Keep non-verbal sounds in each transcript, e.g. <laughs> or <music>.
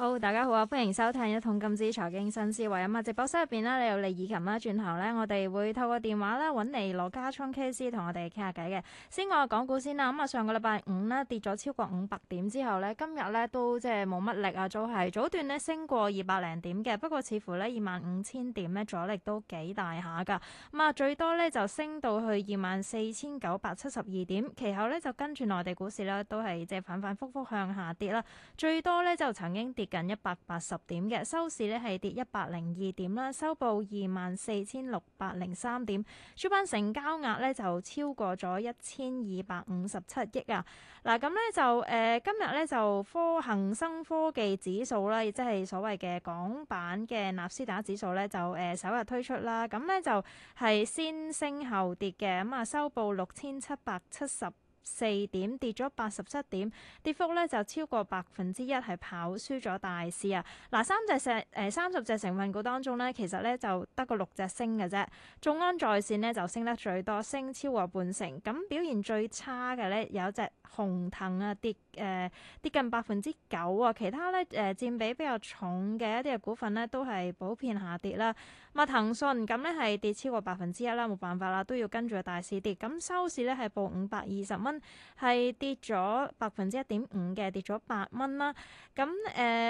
好，oh, 大家好啊！歡迎收聽《一桶金之財經新思維》嗯，喺馬直播室入邊啦。有李以琴啦，轉頭咧，我哋會透過電話啦搵你羅家聰 K C 同我哋傾下偈嘅。先講下港股先啦。咁啊，上個禮拜五咧跌咗超過五百點之後咧，今日咧都即係冇乜力啊，都係早段咧升過二百零點嘅。不過似乎二萬五千點咧阻力都幾大下噶。咁啊，最多咧就升到去二萬四千九百七十二點，其後咧就跟住內地股市咧都係即係反反覆覆向下跌啦。最多咧就曾經跌。近一百八十點嘅，收市咧係跌一百零二點啦，收報二萬四千六百零三點，主板成交額呢就超過咗一千二百五十七億啊！嗱，咁呢就誒、呃、今日呢，就科恒生科技指數啦，亦即係所謂嘅港版嘅納斯達指數呢，就誒、呃、首日推出啦，咁呢就係、是、先升後跌嘅，咁啊收報六千七百七十四點跌咗八十七點，跌幅咧就超過百分之一，係跑輸咗大市啊！嗱，三隻成誒三十隻成分股當中咧，其實咧就得個六隻升嘅啫。眾安在線咧就升得最多，升超過半成。咁，表現最差嘅咧有一隻紅騰啊跌。誒、呃、跌近百分之九啊！其他咧誒、呃、佔比比較重嘅一啲嘅股份咧，都係普遍下跌啦。咁啊騰訊咁咧係跌超過百分之一啦，冇辦法啦，都要跟住大市跌。咁、啊、收市咧係報五百二十蚊，係跌咗百分之一點五嘅，跌咗八蚊啦。咁、啊、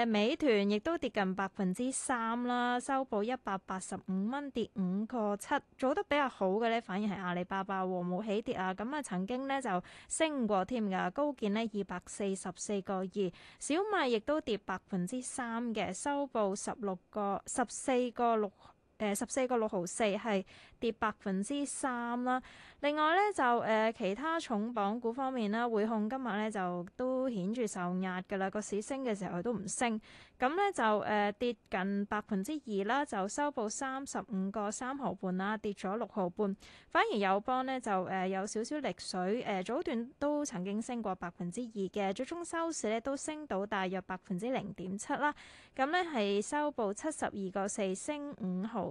誒美團亦都跌近百分之三啦，收報一百八十五蚊，跌五個七。做得比較好嘅咧，反而係阿里巴巴和冇起跌啊。咁啊曾經咧就升過添㗎，高見呢二百。四十四個二，2，小米亦都跌百分之三嘅，收報十六個十四個六。呃、十四個六毫四係跌百分之三啦。另外呢，就誒、呃、其他重磅股方面啦，匯控今日呢就都顯著受壓嘅啦。個市升嘅時候佢都唔升，咁呢就誒、呃、跌近百分之二啦，就收報三十五個三毫半啦，跌咗六毫半。反而友邦呢，就誒、呃、有少少逆水，誒、呃、早段都曾經升過百分之二嘅，最終收市呢都升到大約百分之零點七啦。咁呢係收報七十二個四，升五毫。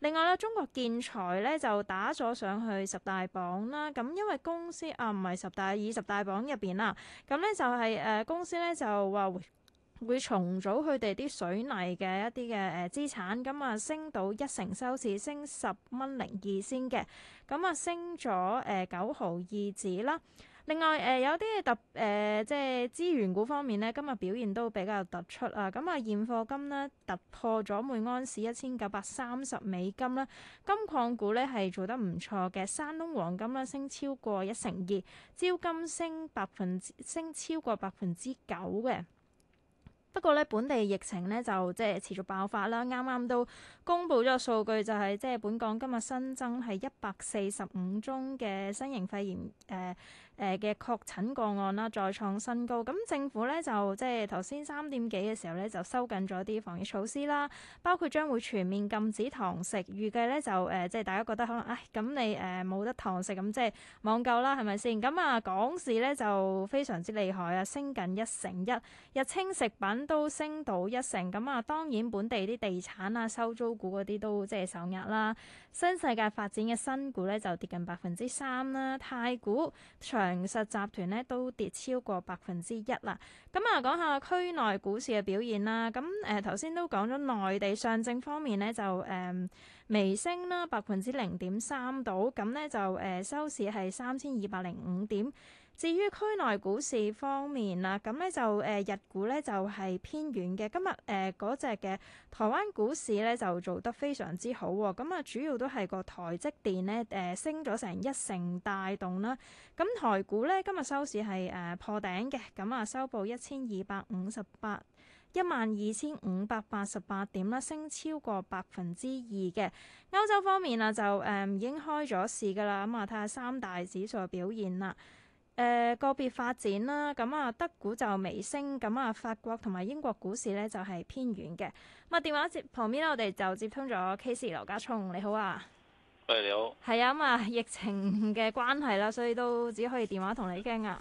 另外咧，中國建材咧就打咗上去十大榜啦。咁因為公司啊，唔係十大，二十大榜入邊啦。咁咧就係、是、誒、呃、公司咧就話會，會重組佢哋啲水泥嘅一啲嘅誒資產。咁、嗯、啊，升到一成收市，升十蚊零二先嘅。咁、嗯、啊、嗯，升咗誒、呃、九毫二止啦。另外，誒、呃、有啲特誒、呃、即係資源股方面咧，今日表現都比較突出啊！咁啊，現貨金咧突破咗每安士一千九百三十美金啦。金礦股咧係做得唔錯嘅，山東黃金咧升超過一成二，招金升百分之升超過百分之九嘅。不過咧，本地疫情咧就即係持續爆發啦。啱啱都公布咗個數據、就是，就係即係本港今日新增係一百四十五宗嘅新型肺炎誒、呃誒嘅、呃、確診個案啦，再創新高。咁政府咧就即係頭先三點幾嘅時候咧，就收緊咗啲防疫措施啦，包括將會全面禁止堂食。預計咧就誒、呃，即係大家覺得可能，唉，咁你誒冇、呃、得堂食，咁即係網購啦，係咪先？咁啊，港市咧就非常之厲害啊，升緊一成一，日清食品都升到一成。咁啊，當然本地啲地產啊、收租股嗰啲都即係受壓啦。新世界發展嘅新股咧就跌近百分之三啦。太古長零實集團咧都跌超過百分之一啦，咁啊講下區內股市嘅表現啦，咁誒頭先都講咗內地上證方面咧就誒。嗯微升啦，百分之零點三度，咁呢就誒、呃、收市係三千二百零五點。至於區內股市方面啦，咁呢就誒、呃、日股呢就係、是、偏軟嘅。今日誒嗰隻嘅台灣股市呢就做得非常之好喎、哦。咁啊主要都係個台積電呢誒、呃、升咗成一成帶動啦。咁台股呢今日收市係誒、呃、破頂嘅，咁啊收報一千二百五十八。一萬二千五百八十八點啦，升超過百分之二嘅。歐洲方面啊，就誒、嗯、已經開咗市噶啦。咁啊，睇下三大指數表現啦。誒、呃，個別發展啦。咁、嗯、啊，德股就微升。咁、嗯、啊，法國同埋英國股市呢就係、是、偏軟嘅。咁、嗯、啊，電話接旁邊咧，我哋就接通咗 KC 羅家聰，你好啊。喂，hey, 你好。係啊，咁啊，疫情嘅關係啦，所以都只可以電話同你傾啊。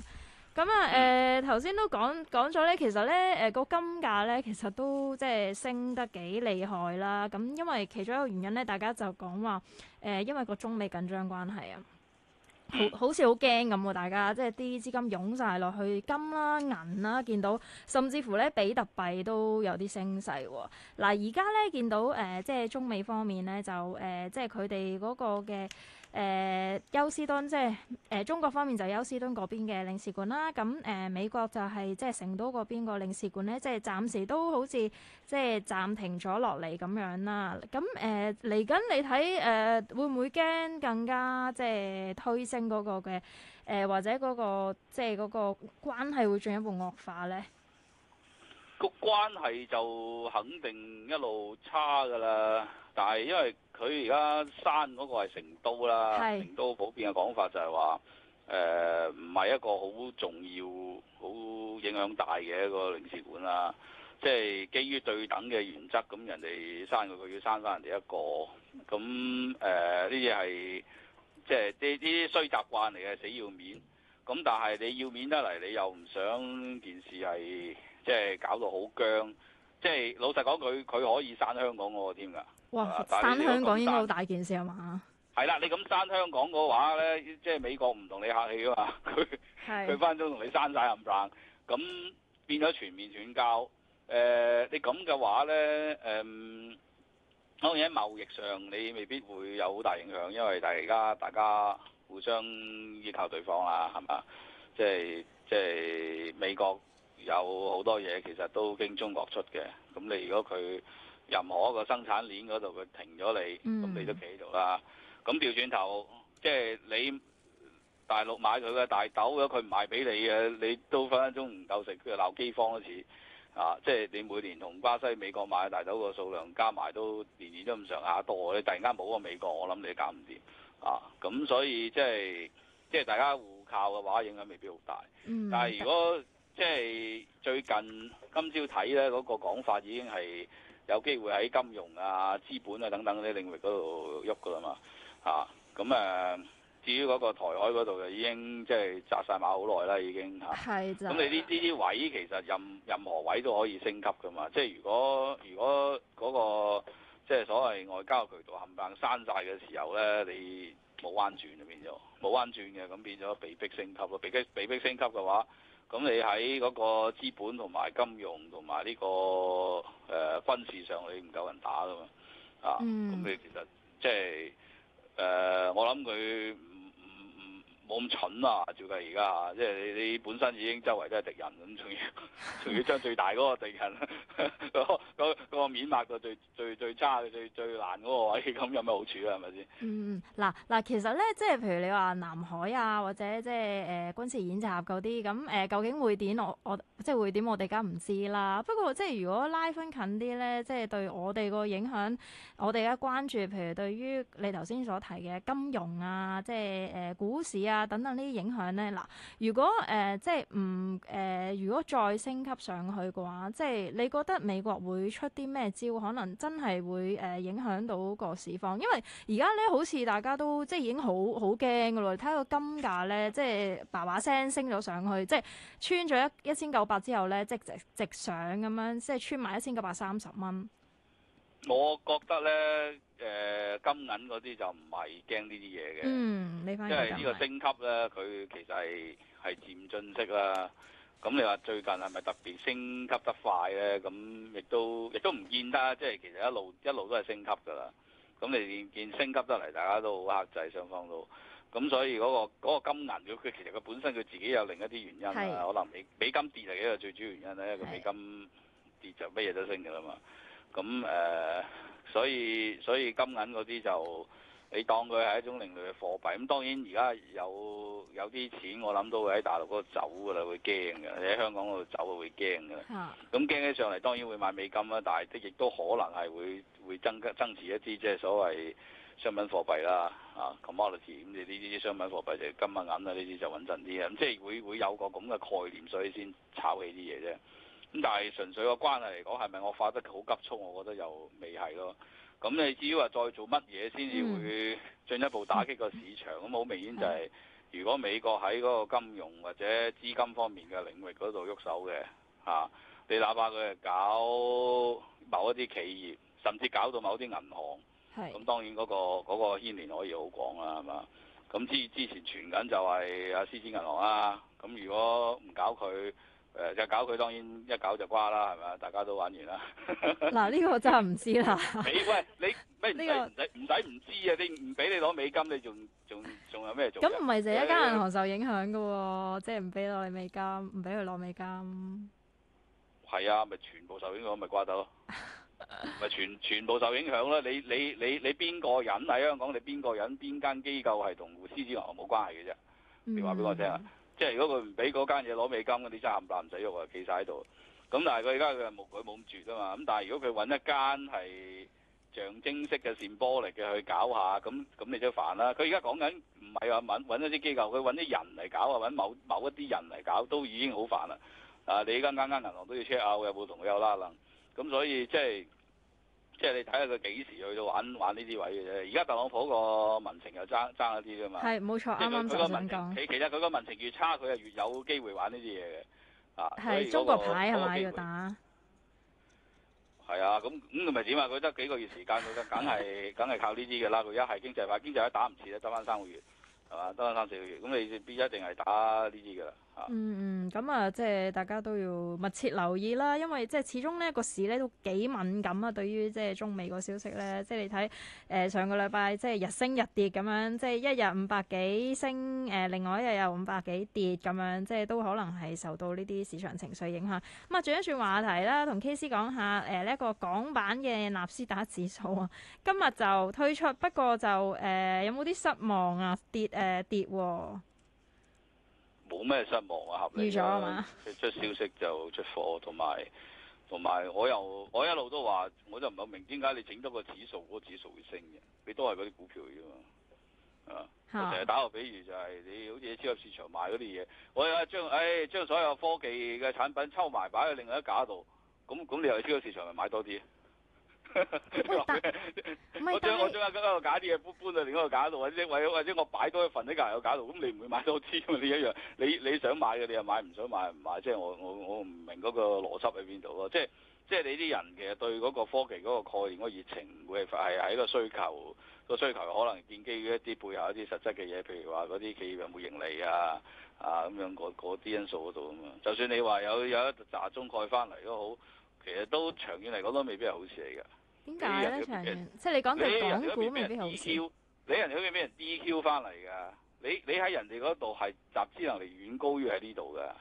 咁啊，誒頭先都講講咗咧，其實咧，誒、呃、個金價咧，其實都即係升得幾厲害啦。咁因為其中一個原因咧，大家就講話誒，因為個中美緊張關係啊，好好似好驚咁喎。大家即係啲資金湧晒落去金啦、啊、銀啦、啊，見到甚至乎咧比特幣都有啲升勢喎、啊。嗱、啊，而家咧見到誒、呃，即係中美方面咧就誒、呃，即係佢哋嗰個嘅。誒、呃、休斯敦即係誒、呃、中國方面就休斯敦嗰邊嘅領事館啦，咁誒、呃、美國就係、是、即係成都嗰邊個領事館呢，即係暫時都好似即係暫停咗落嚟咁樣啦。咁誒嚟緊你睇誒、呃、會唔會驚更加即係推升嗰個嘅誒、呃、或者嗰、那個即係嗰個關係會進一步惡化呢？個關係就肯定一路差㗎喇。但係，因為佢而家刪嗰個係成都啦，是成都普遍嘅講法就係話誒唔係一個好重要、好影響大嘅一個領事館啦。即係基於對等嘅原則，咁人哋刪佢，佢要刪翻人哋一個咁誒。呢啲係即係啲啲衰習慣嚟嘅，死要面。咁但係你要面得嚟，你又唔想件事係即係搞到好僵。即係老實講，佢佢可以刪香港嗰個添㗎。哇！刪香港應該好大件事係嘛？係啦的、呃，你咁刪香港嘅話咧，即係美國唔同你客氣啊嘛，佢佢翻中，同你刪晒冚唪唥，咁變咗全面斷交。誒，你咁嘅話咧，誒，當然喺貿易上你未必會有好大影響，因為大家大家互相依靠對方啊，係嘛？即係即係美國有好多嘢其實都經中國出嘅，咁你如果佢。任何一個生產鏈嗰度佢停咗你，咁、嗯嗯、你都企喺度啦。咁調轉頭，即係你大陸買佢嘅大豆，咁佢唔賣俾你嘅，你都分分鐘唔夠食，佢鬧饑荒都似啊！即係你每年同巴西、美國買大豆個數量加埋都年年都咁上下多，你突然間冇個美國，我諗你搞唔掂啊！咁所以即係即係大家互靠嘅話，影響未必好大。嗯、但係如果即係最近今朝睇咧，嗰個講法已經係。有機會喺金融啊、資本啊等等啲領域嗰度喐噶啦嘛，嚇咁誒。至於嗰個台海嗰度，就已經即係紮晒馬好耐啦，已經嚇。係、啊、咁的、嗯、你呢呢啲位其實任任何位都可以升級噶嘛，即係如果如果嗰、嗰個即係所謂外交渠道冚唪唥晒嘅時候咧，你冇彎轉就變咗冇彎轉嘅，咁變咗被迫升級咯。被迫被迫升級嘅話。咁你喺嗰個資本同埋金融同埋呢個誒、呃、軍事上，你唔夠人打噶嘛？啊，咁你、mm. 其實即係誒，我諗佢。冇咁蠢啊，最近而家啊，即係你你本身已經周圍都係敵人，咁仲要仲要將最大嗰個敵人、 <laughs> <laughs> 嗰嗰個面目個最最最差最最難嗰個位，咁有咩好處啊？係咪先？嗯，嗱嗱，其實咧，即係譬如你話南海啊，或者即係誒軍事演習嗰啲，咁誒究竟會點？我我我即係會點，我哋而家唔知啦。不過即係如果拉分近啲咧，即係對我哋個影響，我哋而家關注，譬如對於你頭先所提嘅金融啊，即係誒股市啊。啊！等等呢啲影響咧嗱，如果誒、呃、即係唔誒，如果再升級上去嘅話，即係你覺得美國會出啲咩招？可能真係會誒、呃、影響到個市況，因為而家咧好似大家都即係已經好好驚噶咯。你睇個金價咧，即係叭叭聲升咗上去，即係穿咗一一千九百之後咧，即係直直上咁樣，即係穿埋一千九百三十蚊。我覺得咧，誒、呃、金銀嗰啲就唔係驚呢啲嘢嘅，嗯、因為呢個升級咧，佢是其實係係漸進式啦。咁你話最近係咪特別升級得快咧？咁亦都亦都唔見得，即係其實一路一路都係升級噶啦。咁你見升級得嚟，大家都好克制，雙方都。咁所以嗰個嗰個金銀，佢其實佢本身佢自己有另一啲原因啦。是可能美美金跌係一個最主要原因咧，個美金跌就乜嘢都升噶啦嘛。咁誒、呃，所以所以金銀嗰啲就你當佢係一種另類嘅貨幣。咁當然而家有有啲錢，我諗都會喺大陸嗰度走㗎啦，會驚㗎。你喺香港嗰度走啊，會驚㗎。咁驚起上嚟，當然會買美金啦，但係亦都可能係會會增加增持一啲即係所謂商品貨幣啦。啊，commodity。咁你呢啲商品貨幣就係、金啊銀啊呢啲就穩陣啲啊。咁即係會會有個咁嘅概念，所以先炒起啲嘢啫。咁但係純粹個關係嚟講，係咪惡化得好急促？我覺得又未係咯。咁你至於話再做乜嘢先至會進一步打擊個市場？咁好、嗯、明顯就係，如果美國喺嗰個金融或者資金方面嘅領域嗰度喐手嘅嚇、啊，你哪怕佢係搞某一啲企業，甚至搞到某啲銀行，咁是當然嗰、那個嗰、那個牽連可以好廣啦、啊，係嘛？咁之之前傳緊就係啊，獅子銀行啦。咁如果唔搞佢。誒，就、嗯、搞佢，當然一搞就瓜啦，係咪啊？大家都玩完啦。嗱、啊，呢個我真係唔知啦。你 <laughs> 喂，你咩唔使唔使唔知啊？你唔俾你攞美金，你仲仲仲有咩做？咁唔係就一間銀行受影響噶、哦，啊、即係唔俾攞你美金，唔俾佢攞美金。係啊，咪、啊、全部受影響咪瓜得咯？咪全全部受影響啦！你你你你邊個人喺香港？你邊個人邊間機構係同獅子銀行冇關係嘅啫？你話俾我聽啊！ <laughs> <laughs> 即係如果佢唔俾嗰間嘢攞美金，嗰啲真冚巴唥唔使喐啊，企晒喺度。咁但係佢而家佢冇佢冇咁絕啊嘛。咁但係如果佢揾一間係象徵式嘅 sanction 嚟嘅去搞下，咁咁你就煩啦。佢而家講緊唔係話揾揾一啲機構，佢揾啲人嚟搞啊，揾某某一啲人嚟搞都已經好煩啦。啊，你而家間間銀行都要 check 下佢有冇同佢有拉楞，咁所以即係。即係你睇下佢幾時去到玩玩呢啲位嘅啫。而家特朗普個民情又爭爭一啲噶嘛。係冇錯，啱啱就咁講。你其實佢個民情越才差，佢係越有機會玩呢啲嘢嘅。啊，係是、那個、中國牌係咪要打？係啊，咁咁咪點啊？佢、嗯、得幾個月時間，佢梗係梗係靠呢啲嘅啦。佢而家係經濟化，經濟化打唔切咧，得返三個月，係嘛？得返三四個月。咁你必一定係打呢啲噶啦。嗯嗯，咁啊，即係大家都要密切留意啦，因為即係始終呢個市呢都幾敏感啊，對於即係中美個消息呢，即係你睇，誒上個禮拜即係日升日跌咁樣，即係一日五百幾升，誒另外一日又五百幾跌咁樣，即係都可能係受到呢啲市場情緒影響。咁啊，轉一轉話題啦，同 K C 講下誒呢一個港版嘅納斯達指數啊，今日就推出，不過就誒有冇啲失望啊跌，誒跌喎。冇咩失望啊，合理咗啊嘛，出出消息就出貨，同埋同埋我又我一路都話，我就唔係明點解你整多個指數，嗰個指數會升嘅，你都係嗰啲股票啫嘛，啊，啊我成日打個比喻就係你好似喺超級市場買嗰啲嘢，我又將，唉、哎，將所有科技嘅產品抽埋擺喺另外一架度，咁咁你去超級市場咪買多啲？唔係， <laughs> 哎、我將是我將喺嗰個假啲嘢搬搬到另一個假度，或者或者我擺多一份喺隔籬個假度，咁你唔會買多啲啊？呢一樣，你你想買嘅你又買，唔想買唔買，即係我我我唔明嗰個邏輯喺邊度咯？即係即係你啲人其實對嗰個科技嗰個概念嗰個熱情唔會係係一個需求個需求，可能建基於一啲背後一啲實質嘅嘢，譬如話嗰啲企業有冇盈利啊啊咁樣嗰啲因素嗰度啊嘛。就算你話有有一扎中概翻嚟都好，其實都長遠嚟講都未必係好事嚟嘅。點解咧？長遠即係你講你人哋嗰邊俾人 D Q， <noise> 你人哋嗰邊俾人 D Q 翻嚟噶。你你喺人哋嗰度係集資能力遠高於喺呢度噶。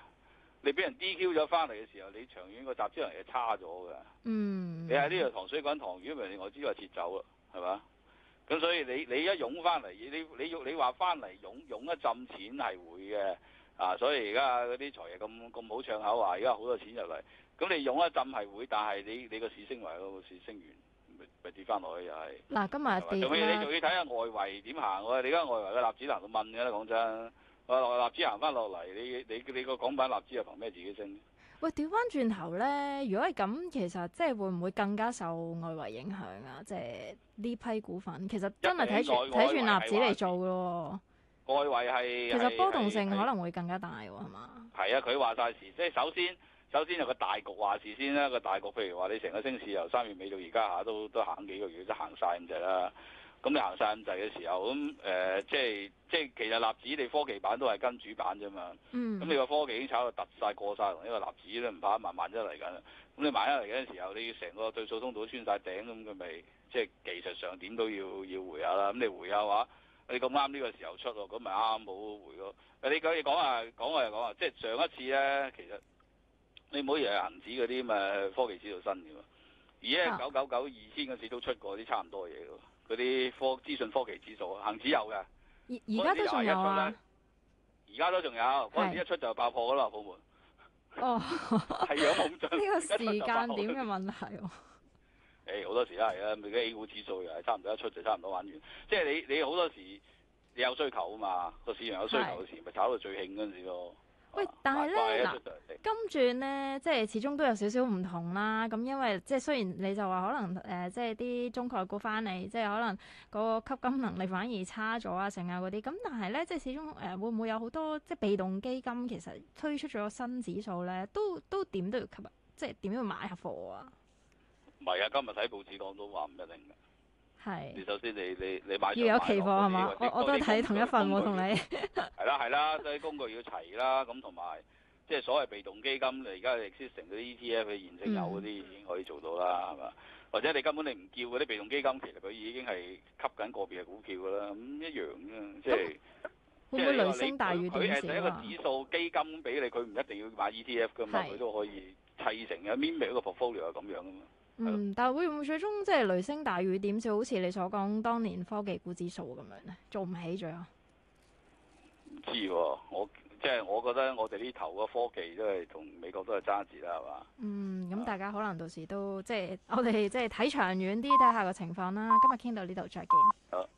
你俾人 D Q 咗翻嚟嘅時候，你長遠個集資能力係差咗噶。嗯。你喺呢度塘水滾塘魚，咪你外資就撤走咯，係嘛？咁所以你你一湧翻嚟，你你你話翻嚟湧湧一浸錢係會嘅啊。所以而家嗰啲財爺咁咁好唱口話，而家好多錢入嚟，咁你湧一浸係會，但係你你市個市升埋個市升完。咪跌翻落去又係。嗱，今日你仲要睇下外圍點行喎、啊？你而家外圍嘅納指，行到問㗎啦、啊，講真。我話納指行翻落嚟，你你你個港版納指又憑咩自己升咧？喂，調翻轉頭咧，如果係咁，其實即係會唔會更加受外圍影響啊？即係呢批股份，其實真係睇住睇住納指嚟做咯。外圍係其實波動性可能會更加大喎，係嘛？係、嗯、啊，佢話晒事，即係首先。首先有個大局話事先啦。個大局譬如話，你成個升市由三月尾到而家嚇，都都行幾個月，都行晒咁滯啦。咁你行晒咁滯嘅時候，咁誒、呃、即係即係其實納指你科技版都係跟主板啫嘛。咁你個科技已經炒到突晒過晒，同呢個納指都唔怕慢慢萬出嚟噶。咁你萬出嚟嘅時候，你要成個對數通道穿晒頂咁，佢咪即係技術上點都要要回下啦。咁你回下嘅話，你咁啱呢個時候出喎，咁咪啱好回咯。你講嘢講啊，講啊又講啊，即係上一次咧，其實。你唔好以為恒指嗰啲咪科技指數新嘅，而家九九九二千嘅市都出過啲差唔多嘢嘅，嗰啲科資訊科技指數恒指有嘅，而而家都仲有，而家都仲有，嗰陣時一出就爆破嘅啦，泡沫。 <laughs> 哦，係有呢個時間點嘅問題。誒，好多時都係啊，如果 A 股指數又係差唔多一出就差唔多玩完，即係 <laughs> 你你好多時你有需求啊嘛，個市場有需求嘅時咪炒到最興嗰陣時咯。不 <laughs> 喂，但係咧嗱，啦今轉咧即係始終都有少少唔同啦。咁因為即係雖然你就話可能誒、呃，即係啲中概股翻嚟，即係可能嗰個吸金能力反而差咗啊，剩啊嗰啲。咁但係咧，即係始終誒、呃，會唔會有好多即係被動基金其實推出咗新指數咧，都都點都要吸啊，即係點都要買下貨啊？唔係啊，今日睇報紙講都話唔一定嘅。係，你首先你你你買要有期貨係嘛？我我都睇同一份我同你。係啦係啦，所以工具要齊啦。咁同埋即係所謂被動基金，你而家 existing ETF 嘅現成有嗰啲已經可以做到啦，係嘛、嗯？或者你根本你唔叫嗰啲被動基金，其實佢已經係吸緊個別嘅股票噶啦，咁一樣啫，嗯、即係即係雷聲大雨點小啊，一個指數基金俾你，佢唔一定要買 ETF 噶嘛，佢、嗯、都可以砌成嘅。Minimum、嗯、portfolio 係咁樣噶嘛。嗯，但會唔會最終即係雷聲大雨點就好似你所講當年科技股指數咁樣呢？做唔起最後？唔知喎，我即係我覺得我哋呢頭嘅科技都係同美國都係揸住啦，係嘛？嗯，咁大家可能到時都即係我哋即係睇長遠啲，睇下個情況啦。今日傾到呢度，再見。嗯